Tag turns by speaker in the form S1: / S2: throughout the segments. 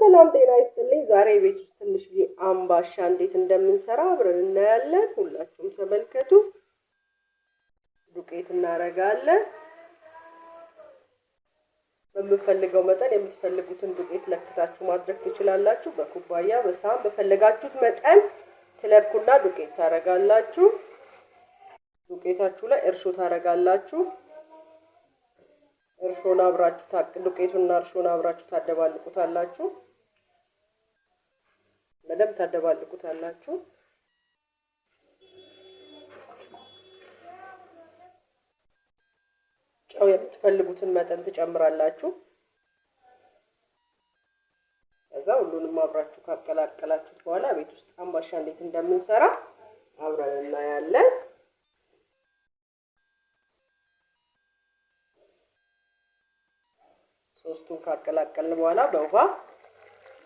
S1: ሰላም ጤና ይስጥልኝ። ዛሬ ቤት ውስጥ ትንሽ አምባሻ እንዴት እንደምንሰራ አብረን እናያለን። ሁላችሁም ተመልከቱ። ዱቄት እናረጋለን። በምፈልገው መጠን የምትፈልጉትን ዱቄት ለክታችሁ ማድረግ ትችላላችሁ። በኩባያ በሳህን በፈለጋችሁት መጠን ትለኩና ዱቄት ታረጋላችሁ። ዱቄታችሁ ላይ እርሾ ታረጋላችሁ። እርሾን አብራችሁ ዱቄቱና እርሾን አብራችሁ ታደባልቁታላችሁ። በደንብ ታደባልቁታላችሁ። ጨው የምትፈልጉትን መጠን ትጨምራላችሁ። ከዛ ሁሉንም አብራችሁ ካቀላቀላችሁት በኋላ ቤት ውስጥ አምባሻ እንዴት እንደምንሰራ አብረን እናያለን። ሶስቱን ካቀላቀልን በኋላ በውሃ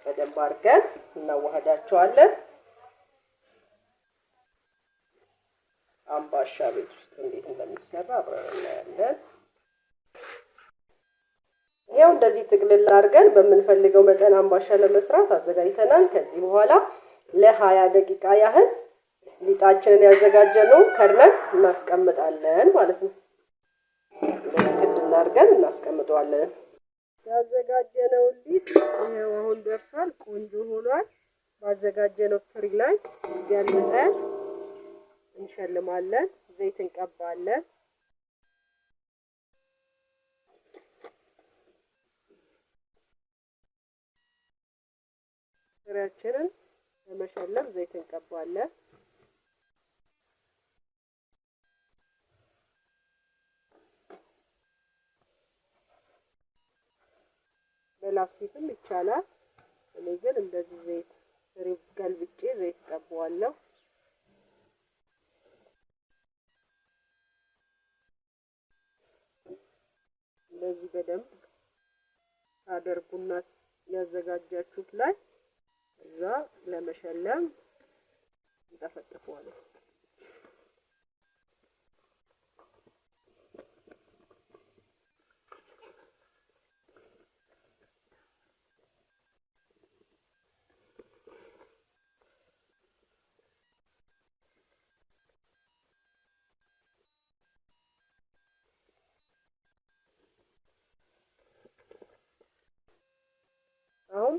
S1: በደንብ አድርገን እናዋህዳቸዋለን። አምባሻ ቤት ውስጥ እንዴት እንደሚሰራ አብረን እናያለን። ይኸው እንደዚህ ጥቅልል አድርገን በምንፈልገው መጠን አምባሻ ለመስራት አዘጋጅተናል። ከዚህ በኋላ ለሀያ ደቂቃ ያህል ሊጣችንን ያዘጋጀነው ከድነን እናስቀምጣለን ማለት ነው። እንደዚህ ክድ አድርገን እናስቀምጠዋለን።
S2: ያዘጋጀነውን ሊጥ ይኸው አሁን ደርሷል። ቆንጆ ሆኗል። ባዘጋጀነው ፍሪ ላይ ገልብጠን እንሸልማለን። ዘይት እንቀባለን። ፍሬያችንን ለመሸለም ዘይት እንቀባለን። በላስቲክም ይቻላል። እኔ ግን እንደዚህ ዘይት ሪብ ገልብጬ ዘይት ቀባዋለሁ። እንደዚህ በደንብ ታደርጉና ያዘጋጃችሁት ላይ እዛ ለመሸለም እንጠፈጥፈዋለሁ።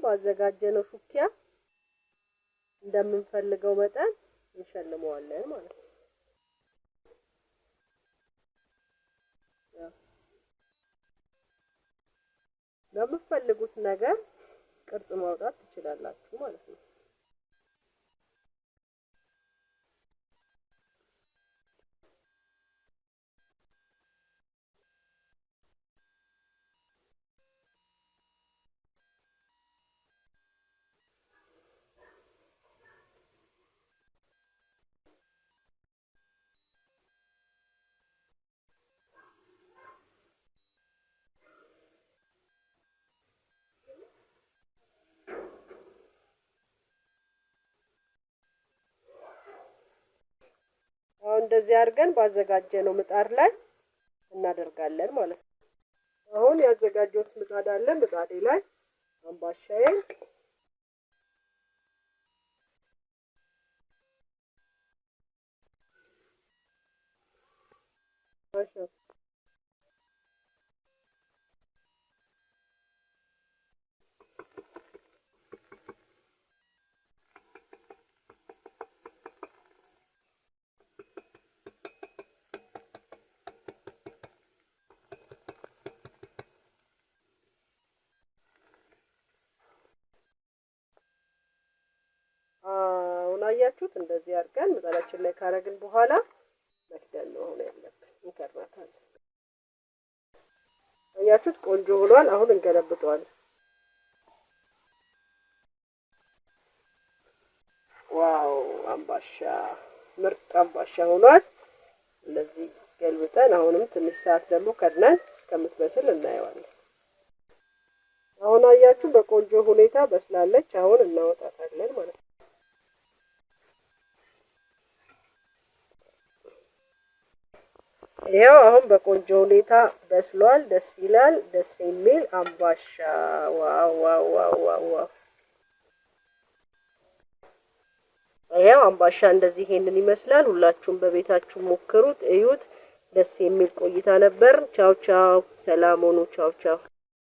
S2: ባዘጋጀነው ሹኪያ እንደምንፈልገው መጠን እንሸልመዋለን ማለት ነው። ነገር ቅርጽ ማውጣት ትችላላችሁ ማለት ነው። እንደዚህ አድርገን ነው ምጣድ ላይ እናደርጋለን ማለት ነው። አሁን ያዘጋጀሁት ምጣድ አለ። ምጣዴ ላይ አምባሻዬን እንዳያችሁት እንደዚህ አድርገን ምጣዳችን ላይ ካረግን በኋላ መክደን ነው አሁን ያለብን። እንከርናታለን። ያችሁት ቆንጆ ሆኗል። አሁን እንገለብጠዋለን። ዋው አምባሻ፣ ምርጥ አምባሻ ሆኗል። እንደዚህ ገልብጠን አሁንም ትንሽ ሰዓት ደግሞ ከድነን እስከምትበስል እናየዋለን። አሁን አያችሁ በቆንጆ ሁኔታ በስላለች። አሁን እናወጣታለን ማለት ነው። ይኸው አሁን በቆንጆ ሁኔታ በስሏል። ደስ ይላል። ደስ የሚል አምባሻ ዋው ዋው ዋው ዋው! ይሄው አምባሻ እንደዚህ ይሄንን ይመስላል። ሁላችሁም በቤታችሁ ሞክሩት፣ እዩት። ደስ የሚል ቆይታ ነበር። ቻው ቻው፣ ሰላም ሁኑ። ቻው ሰላም ሆኑ ቻው ቻው